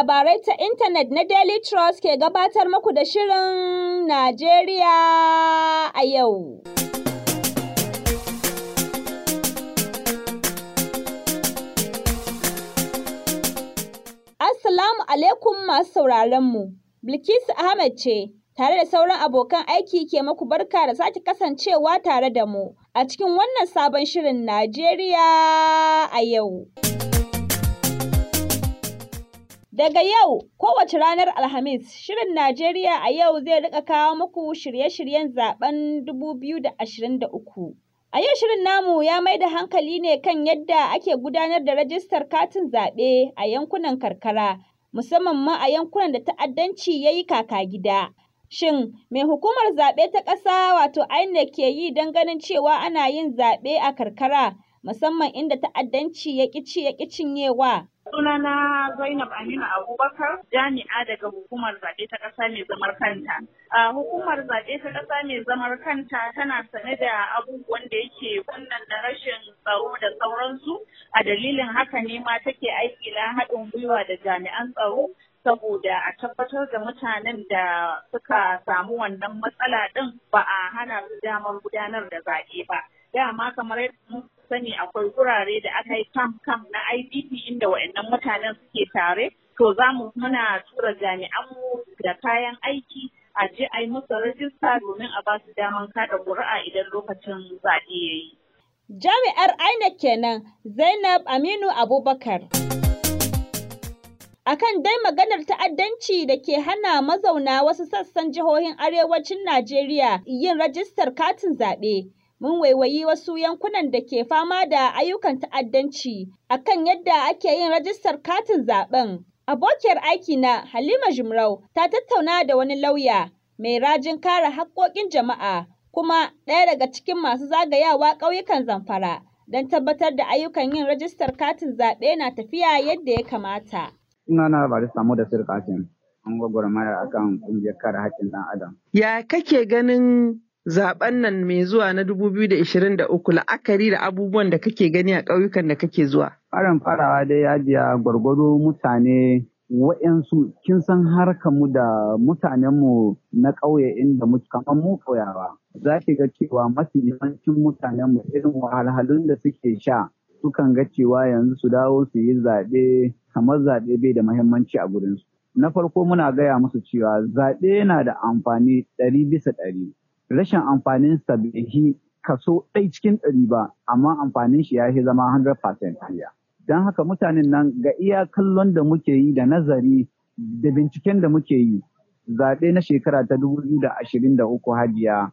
labarai ta intanet na Daily Trust ke gabatar muku da Shirin Najeriya a yau. Assalamu alaikum masu sauraronmu, Bilkisu Ahmed ce. tare da sauran abokan aiki ke maku barka da sake kasancewa tare da mu a cikin wannan sabon shirin Najeriya a yau. Daga yau, kowace ranar Alhamis, Shirin Najeriya a yau zai rika kawo muku shirye-shiryen zaben 2023. A yau shirin namu ya mai da hankali ne kan yadda ake gudanar da rajistar katin zaɓe a yankunan karkara, musamman ma a yankunan da ta'addanci ya yi kaka gida. Shin, mai hukumar zaɓe ta ƙasa wato INEC ke yi don ganin cewa ana yin zaɓe a karkara, musamman inda ta'addanci ya ya ƙi cinyewa? Sunana Zainab amina Abubakar jami'a daga hukumar zaɓe ta ƙasa mai zamar kanta. Hukumar zaɓe ta ƙasa mai zamar kanta tana sane da abubuwan da yake wannan da rashin tsaro da sauransu. A dalilin haka ne ma take aiki na haɗin gwiwa da jami'an tsaro saboda a tabbatar da mutanen da suka samu wannan matsala ɗin ba a hana su damar gudanar da zaɓe ba. dama kamar yadda sani akwai wurare da aka yi kam kam na IPP inda wa'annan mutanen suke tare to za mu muna tura jami'anmu da kayan aiki a je a yi musu rajista domin a ba su daman kada ƙuri'a idan lokacin zaɓe ya yi. Jami'ar INEC kenan Zainab Aminu Abubakar. akan dai maganar ta'addanci da ke hana mazauna wasu sassan jihohin arewacin Najeriya yin rajistar katin zaɓe. mun waiwayi wasu yankunan da ke fama da ayyukan ta'addanci akan yadda ake yin rajistar katin zaben. Abokiyar aiki na Halima Jumrau ta tattauna da wani lauya mai rajin kare haƙƙoƙin jama'a kuma ɗaya daga cikin masu zagayawa ƙauyukan Zamfara don tabbatar da ayyukan yin rajistar katin zaɓe na tafiya yadda ya kamata. Sunana Barista da Sirkatin, an gwagwarmaya akan ƙungiyar kare haƙƙin ɗan Adam. Ya kake ganin zaben nan mai zuwa na 2023 la'akari da abubuwan da kake gani a ƙauyukan da kake zuwa? Farin farawa dai ya biya gwargwado mutane wa'yansu kin san harkar mu da mutanenmu na ƙauye inda mu kamar mu ƙauyawa. Za ki ga cewa mafi yawancin mutanenmu irin wahalhalun da suke sha sukan ga cewa yanzu su dawo su yi zaɓe kamar zaɓe bai da muhimmanci a gurinsu. Na farko muna gaya musu cewa zaɓe yana da amfani ɗari bisa ɗari. rashin amfanin sa bai kaso ɗai cikin ɗari ba amma amfanin shi ya yi zama 100% Don haka mutanen nan ga iya kallon da muke yi da nazari da binciken da muke yi zaɓe na shekara ta 2023 hajiya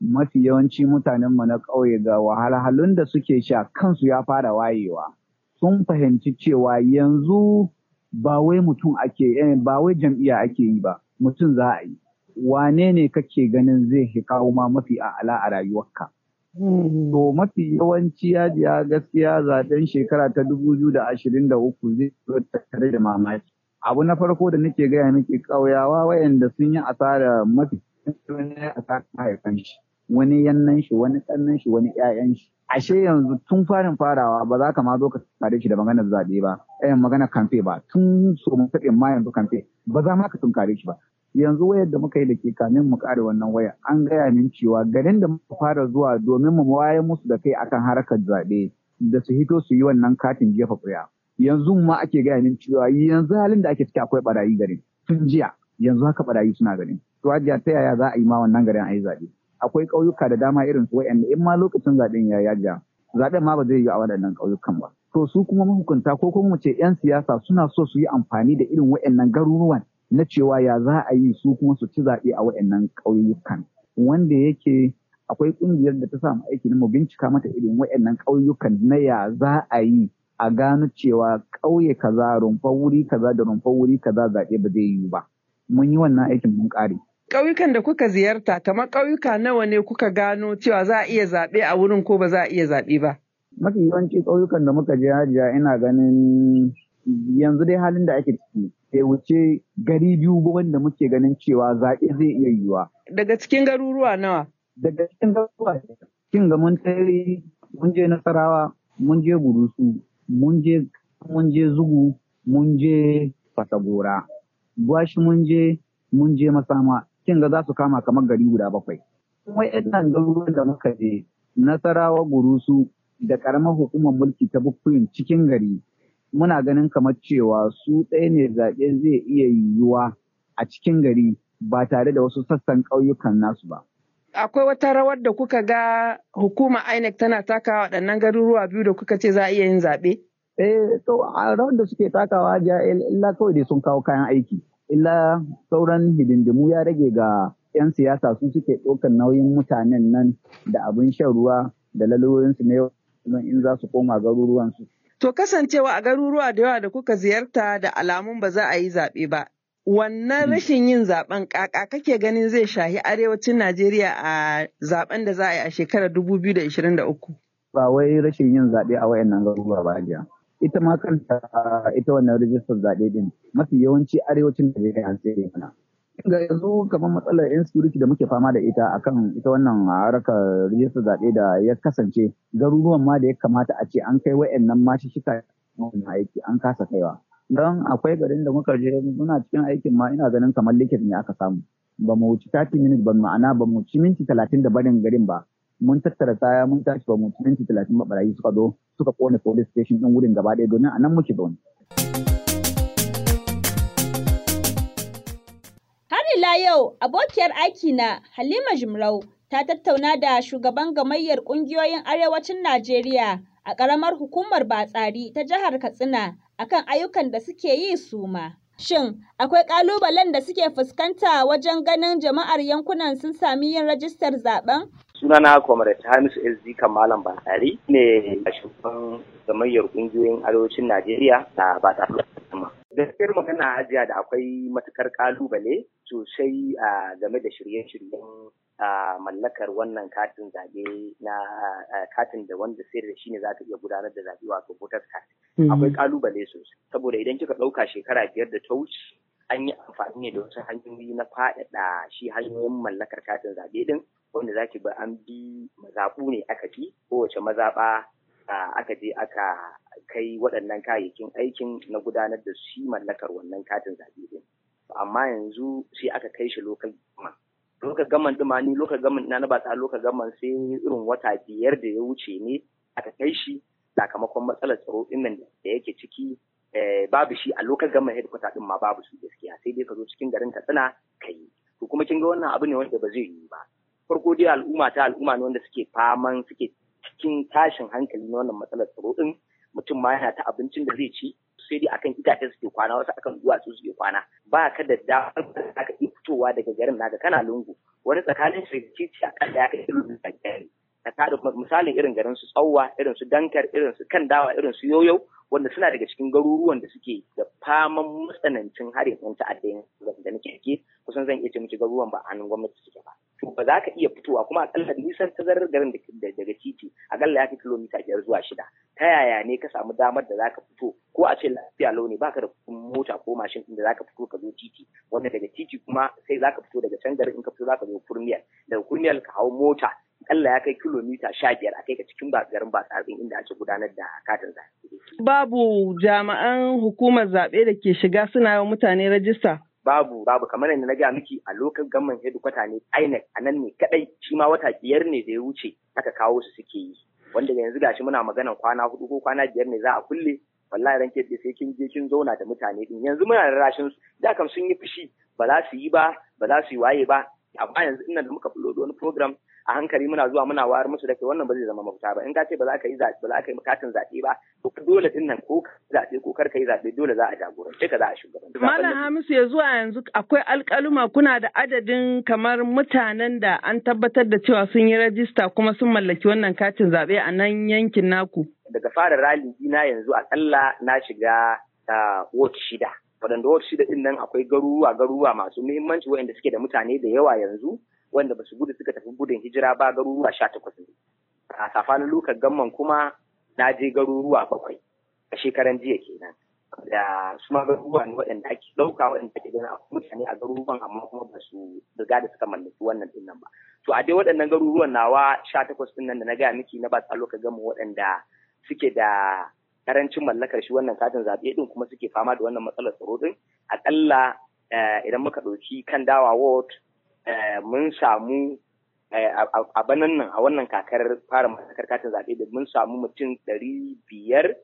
mafi yawanci mutanen mu na ƙauye ga wahalhalun da suke sha kansu ya fara wayewa sun fahimci cewa yanzu ba wai mutum ake eh, jam'iyya ake yi ba mutum za a yi wane ne kake ganin zai fi kawo ma mafi a'ala a rayuwarka. Hmm. To mafi yawanci ya gaskiya zaben shekara ta uku zai zo tare da mamaki. Abu na farko da nake gaya nake ƙauyawa wayanda sun yi asara mafi asara mahaifan shi. Wani yannan shi, wani ɗannan shi, wani ƴaƴan shi. Ashe yanzu tun farin farawa ba za ka ma zo ka tare shi da maganar zaɓe ba, ɗayan eh, maganar kamfe ba, tun so mun ma yanzu kamfe ba za ma ka tunkare shi ba. yanzu wayar da muka yi da ke kamin mu kare wannan waya an gaya min cewa garin da muka fara zuwa domin mu wayar musu da kai akan harkar zaɓe da su hito su yi wannan katin jefa ƙuri'a yanzu ma ake gaya min cewa yanzu halin da ake ciki akwai barayi garin tun jiya yanzu haka barayi suna garin to a ta yaya za a yi ma wannan garin a yi zaɓe akwai ƙauyuka da dama irin su wa'anda in ma lokacin zaɓen ya yaja zaɓen ma ba zai yi a waɗannan ƙauyukan ba to su kuma mahukunta ko kuma mu ce 'yan siyasa suna so su yi amfani da irin wayannan garuruwan na cewa ya za a yi su kuma su ci zaɓe a wa'annan ƙauyukan wanda yake akwai ƙungiyar da ta samu aiki na mu bincika mata irin wa'annan ƙauyukan na ya za a yi a gano cewa ƙauye kaza rumfa wuri kaza da rumfa wuri kaza zaɓe ba zai yi ba mun yi wannan aikin mun ƙare. ƙauyukan da kuka ziyarta kamar ƙauyuka nawa ne kuka gano cewa za a iya zaɓe a wurin ko ba za a iya zaɓe ba. mafi yawanci ƙauyukan da muka je hajiya ina ganin yanzu dai halin da ake ciki ya wuce gari biyu ba wanda muke ganin cewa zaɓe zai iya yiwuwa. Daga cikin garuruwa nawa? Daga cikin garuruwa cikin ga mun tare mun je Nasarawa, mun je Burusu, mun je mun je Zugu, mun je Fasagora. Gwashi mun je mun je Masama, cikin ga za su kama kamar gari guda bakwai. Kuma nan garuruwan da muka je Nasarawa Burusu da ƙaramar hukumar mulki ta Bukuyin cikin gari muna ganin kamar cewa su ɗaya ne zaɓe zai iya yiwuwa a cikin gari ba tare da wasu sassan ƙauyukan nasu ba. Akwai wata rawar da kuka ga hukuma INEC tana takawa waɗannan garuruwa biyu da kuka ce za a iya yin zaɓe? Eh, to a rawar da suke takawa ja illa kawai dai sun kawo kayan aiki. Illa sauran hidindimu ya rage ga 'yan siyasa su suke ɗaukar nauyin mutanen nan da abin shan ruwa da lalurinsu ne in za su koma garuruwansu. To kasancewa a garuruwa da yawa da kuka ziyarta da alamun ba za a yi zaɓe ba. Wannan hmm. rashin yin zaben kaka kake ganin zai shahi arewacin Najeriya a zaben da za a yi a shekarar 2023? Ba wai rashin yin zaɓe a wayannan garuruwa ba ajiya. Ita ma kanta ita wannan rijistar zaɓe din mafi yawanci arewacin Najeriya an tsere mana. ga yanzu kamar matsalar insecurity da muke fama da ita akan ita wannan harkar rijistar zaɓe da ya kasance garuruwan ma da ya kamata a ce an kai wa'annan shi shika aiki an kasa kaiwa. Don akwai garin da muka je muna cikin aikin ma ina ganin kamar likit ne aka samu. Ba mu wuci 30 minutes ba ma'ana ba mu ci minti talatin da barin garin ba. Mun tattara kaya mun tashi ba mu ci minti talatin ba barayi suka zo suka kone police station ɗin wurin gaba ɗaya domin a nan muke zaune. ila yau abokiyar aiki na Halima Jimrau ta tattauna da shugaban gamayyar ƙungiyoyin arewacin Najeriya a ƙaramar hukumar Batsari ta jihar Katsina akan ayyukan da suke yi su ma. Shin akwai ƙalubalen da suke fuskanta wajen ganin jama'ar yankunan sun sami yin rajistar zaben? Sunana Comrade Hamisu SD Kamalan Batsari ne shugaban gamayyar ƙungiyoyin arewacin Najeriya a Batsari. gaskiyar magana ajiya da akwai matukar kalubale sosai a game da shirye-shiryen mallakar wannan katin zaɓe na katin da wanda sai da shi ne za ka iya gudanar da zaɓe wato voters card mm-hmm. akwai kalubale sosai saboda idan kika ɗauka shekara biyar da ta wuce an yi amfani ne da wasu hanyoyi na faɗaɗa shi hanyoyin mallakar katin zaɓe din wanda za ki bi an bi mazaɓu ne aka fi kowace mazaɓa aka je aka kai waɗannan kayayyakin aikin na gudanar da shi mallakar wannan katin zaɓe din amma yanzu sai aka kai shi lokal gama lokal gaman ɗuma ni lokal gaman na na ba lokal gaman sai irin wata biyar da ya wuce ne aka kai shi sakamakon matsalar tsaro ɗin nan da yake ciki eh, babu shi a lokal gaman headquarter ɗin ma babu su, gaskiya sai dai ka zo cikin garin Katsina ka yi to kuma kin ga wannan abu ne wanda ba zai yi ba farko dai al'umma ta al'umma ne wanda suke faman suke cikin tashin hankali na wannan matsalar tsaro in mutum ma yana ta abincin da zai ci sai dai akan itace suke kwana wasu akan duwatsu suke kwana ba ka da damar da aka yi fitowa daga garin naka kana lungu wani tsakanin shi da a kan da ya kai da gari ka tada misalin irin garin su tsawwa irin su dankar irin su kan dawa irin su yoyo wanda suna daga cikin garuruwan da suke da faman matsanancin harin yan ta'adda yan da nake ke kusan zan iya ce miki garuruwan ba a hannun gwamnati suke ba to ba za ka iya fitowa kuma a akalla nisan tazarar garin da daga titi a akalla ya fi kilomita biyar zuwa shida ta yaya ne ka samu damar da za ka fito ko a ce lafiya lau ne baka da mota ko mashin da za ka fito ka zo titi wanda daga titi kuma sai za ka fito daga can garin in ka fito za ka zo kurmiyar daga kurmiyar ka hau mota akalla ya kai kilomita sha biyar a kai ka cikin garin tsarin inda ake gudanar da katin zaɓe. Babu jami'an hukumar zaɓe da ke shiga suna yawan mutane rajista. babu babu kamar yadda na gaya miki a lokacin gamman hedikwata ne INEC a nan ne kaɗai shi ma wata biyar ne da ya wuce aka kawo su suke yi wanda yanzu gashi muna maganan kwana hudu ko kwana biyar ne za a kulle wallahi ranke da sai kin je kin zauna da mutane din yanzu muna da rashin su da kam sun yi fushi ba za su yi ba ba za su yi waye ba amma yanzu ina da muka fulo wani program a hankali muna zuwa muna wayar musu da ke wannan ba zai zama mafita ba in ka ce ba za ka yi zaɓe ba za ka yi katin zaɓe ba to dole din nan ko zaɓe ko kar ka yi zaɓe dole za a jagorance ka za a shugabanci. Malam Hamisu ya zuwa yanzu akwai alƙaluma kuna da adadin kamar mutanen da an tabbatar da cewa sun yi rajista kuma sun mallaki wannan katin zaɓe a nan yankin naku. Daga fara rali na yanzu akalla na shiga ta wot shida. Waɗanda wot shida ɗin nan akwai garuruwa garuruwa masu muhimmanci waɗanda suke da mutane da yawa yanzu wanda basu su gudu suka tafi gudun hijira ba garuruwa sha takwas ne. A safanin lokacin gamman kuma na je garuruwa bakwai a shekaran jiya kenan. Da su ma garuruwa ne waɗanda ake ɗauka waɗanda ake gani a mutane a garuruwan amma kuma ba su riga da suka mallaki wannan ɗin nan ba. To a dai waɗannan garuruwan nawa sha takwas ɗin nan da na gaya miki na ba tsalo ka gama waɗanda suke da karancin mallakar shi wannan katin zaɓe ɗin kuma suke fama da wannan matsalar tsaro ɗin akalla eh, idan muka ɗauki kan dawa ward Eh, mun samu eh, a banan nan a wannan kakar fara masakar katin zaɓe da mun samu mutum ɗari biyar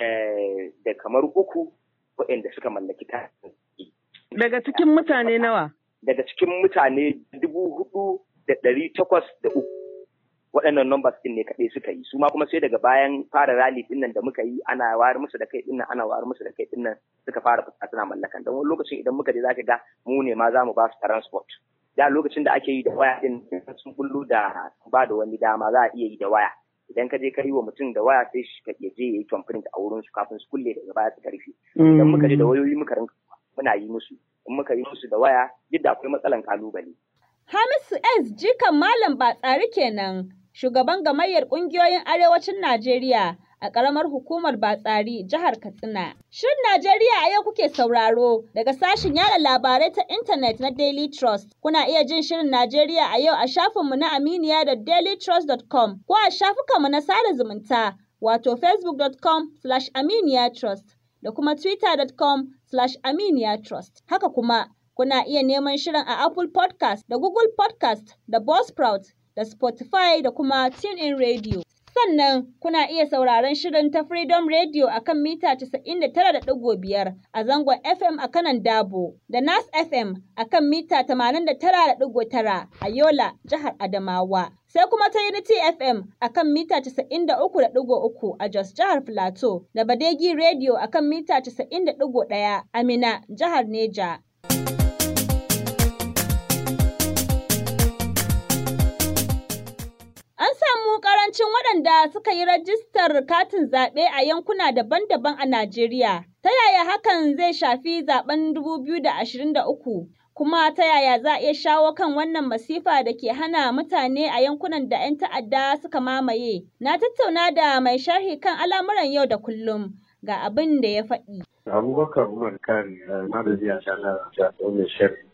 eh, da kamar uku waɗanda suka mallaki katin Daga cikin mutane nawa? Daga cikin mutane dubu hudu da ɗari takwas da uku waɗannan numbers ɗin ne kaɗai suka yi su ma kuma sai daga bayan fara rally ɗin nan da muka yi ana wayar musu da kai ɗin nan ana wayar musu da kai ɗin nan suka fara fuska suna mallakan don wani lokacin idan muka je za ka ga mu ne ma za mu ba su transport. da lokacin da ake yi da waya din sun kullu da ba da wani dama za a iya yi da waya idan ka je ka yi wa mutum da waya sai shi ka je yayi complaint a wurin su kafin su kulle daga baya su karfi idan muka je da wayoyi muka rinka muna yi musu in muka yi musu da waya duk akwai matsalan kalubale Hamisu S jikan malam ba tsari kenan shugaban gamayyar kungiyoyin arewacin Najeriya a ƙaramar hukumar Batsari jihar Katsina. Shirin Najeriya a yau kuke sauraro daga sashen yada labarai ta intanet na Daily Trust. Kuna iya jin Shirin Najeriya a yau a shafinmu na aminiya da dailytrust.com ko a shafukanmu na sada zumunta wato facebook.com slash aminiyatrust da kuma twitter.com slash aminiyatrust. Haka kuma kuna iya neman shirin a Apple podcast da Google podcast da Buzzsprout da Spotify da kuma TuneIn Radio. Sannan kuna iya sauraron shirin ta Freedom Radio a kan mita 99.5 a zangon FM a kanan Dabo da Nas FM a kan mita 89.9 a Yola, Jihar Adamawa. sai kuma ta Unity FM a kan mita 93.3 a Jos jihar Filato da Badegi Radio a kan mita 91.1 a Mina jihar Neja karancin waɗanda suka yi rajistar katin zaɓe a yankuna daban-daban a Najeriya. Ta yaya hakan zai shafi zaɓen 2023? Kuma ta yaya za a iya shawo kan wannan masifa da ke hana mutane a yankunan da 'yan ta'adda suka mamaye? Na tattauna da mai sharhi kan al'amuran yau da kullum ga abin da ya faɗi. Abubakar Umar kan madadi eh, a shanar da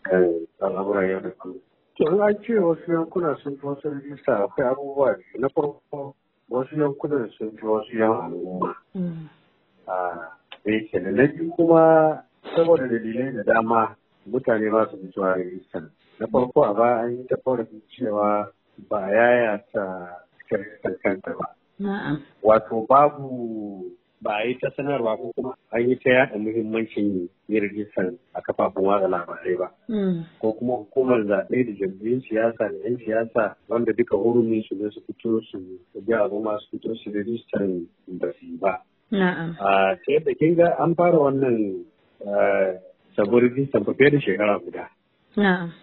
kan al'amuran yau da kullum. To an ce wasu yankuna sun fi wasu rijista akwai abubuwa ne na farko wasu yankunan sun fi wasu yan al'umma. Me mm. ke ah, da biyu kuma saboda dalilai da dama mutane ba su fitowa rijistan. Na farko a ba an yi ta cewa ba yaya ta rijistan kanta ba. Wato babu ba a yi ta sanarwa ko kuma an yi ta yada muhimmancin yin rijistar a kafafen watsa labarai ba. Mm. Ko kuma hukumar zaɓe da jam'iyyun siyasa da 'yan siyasa wanda duka hurumin su ne su fito su bi al'umma su fito su rijistar da su ba. ba. Ta yadda kin ga an fara wannan sabon rijistar ba fiye da shekara guda.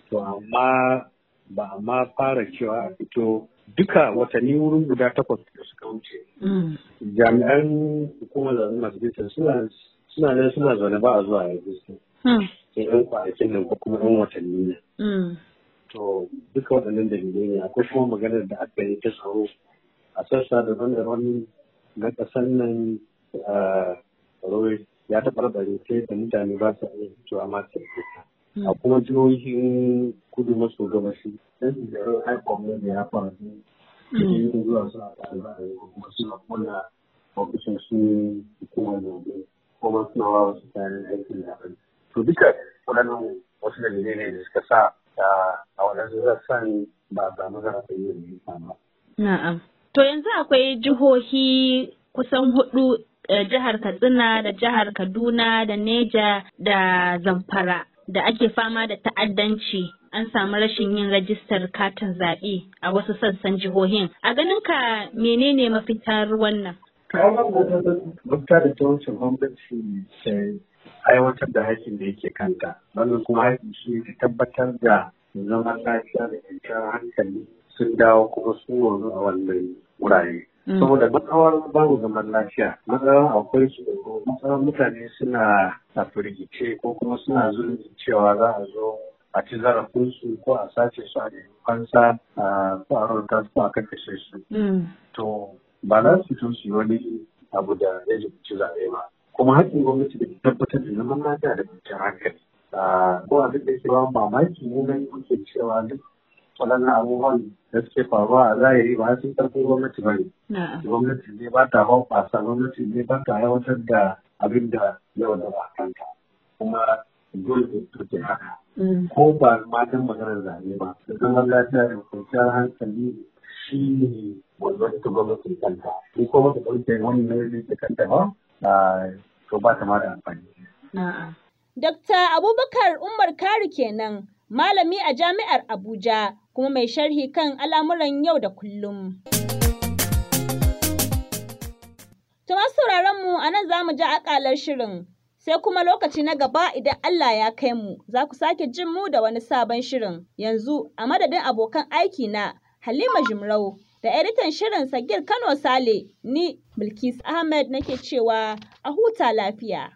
To amma ba amma fara cewa a fito duka watanni wurin guda takwas da suka wuce mm. jami'an hukumar zaɓen masu bisa suna nan suna zaune ba a zuwa yanzu su yan kwanakin nan ko kuma yan watanni ne mm. to duka waɗannan dalilai ne akwai kuma maganar da aka yi ta tsaro a sassa da wani na ƙasar nan a ah, ya taɓa da mutane ba su iya fitowa masu a kuma jihohin kudu maso gabashi ɗan da haifon ne da ya faru da zuwa suna ƙasa da kuma suna kula ofishin su hukumar gobe kuma suna wa su kayan aikin da to duka waɗannan wasu dalilai ne da suka sa a waɗansu sassan ba a samu zarafin yin ba. Na'am. To yanzu akwai jihohi kusan hudu eh, jihar Katsina da jihar Kaduna da Neja da Zamfara. da ake fama da ta'addanci an samu rashin yin rajistar katin zaɓe a wasu sassan jihohin. A ganin ka menene mafitar wannan? Mafita da ta gwamnati aiwatar da haƙƙin da yake kanta. Wannan kuma haƙƙin shi ta tabbatar da zaman lafiya da kwanciyar hankali sun dawo kuma sun wanzu a wannan wurare. Mm. saboda matsawar babu zaman lafiya matsawar akwai ko matsawar mutane suna a firgice ko kuma suna zulmi cewa za a zo a ci zarafinsu ko a sace su a nemi ko a rauta su a kakashe su mm. to ba za su fito su wani abu da ya ci zaɓe ba kuma haƙƙin gwamnati da tabbatar da zaman lafiya da kwanciyar hankali ko abin da cewa mamaki ne na kuke cewa duk waɗannan abubuwan da suke faruwa a zahiri ba sun karɓi gwamnati ba ne. Gwamnati ne ba ta ɓasa, gwamnati ne ba ta yawatar da abin da yau da ba kanta. Kuma dole ke haka. Mm. Ko ba ma dan maganar zane ba. Zaman lafiya da kwanciyar hankali shi ne wannan ta gwamnati kanta. Ni ko ba ta ɗauke wani ne ta kanta ba. To ba ta ma da amfani. Dokta Abubakar Umar Kari kenan malami a jami'ar Abuja kuma mai sharhi kan al'amuran yau da kullum. Tumar sauraronmu mu a nan za mu ji akalar shirin, sai kuma lokaci na gaba idan Allah ya kai mu, za ku sake jin mu da wani sabon shirin. Yanzu a madadin abokan aiki na Halima Jimrau da editan shirin Sagir Kano Sale, ni Bilkis Ahmed nake cewa a huta lafiya.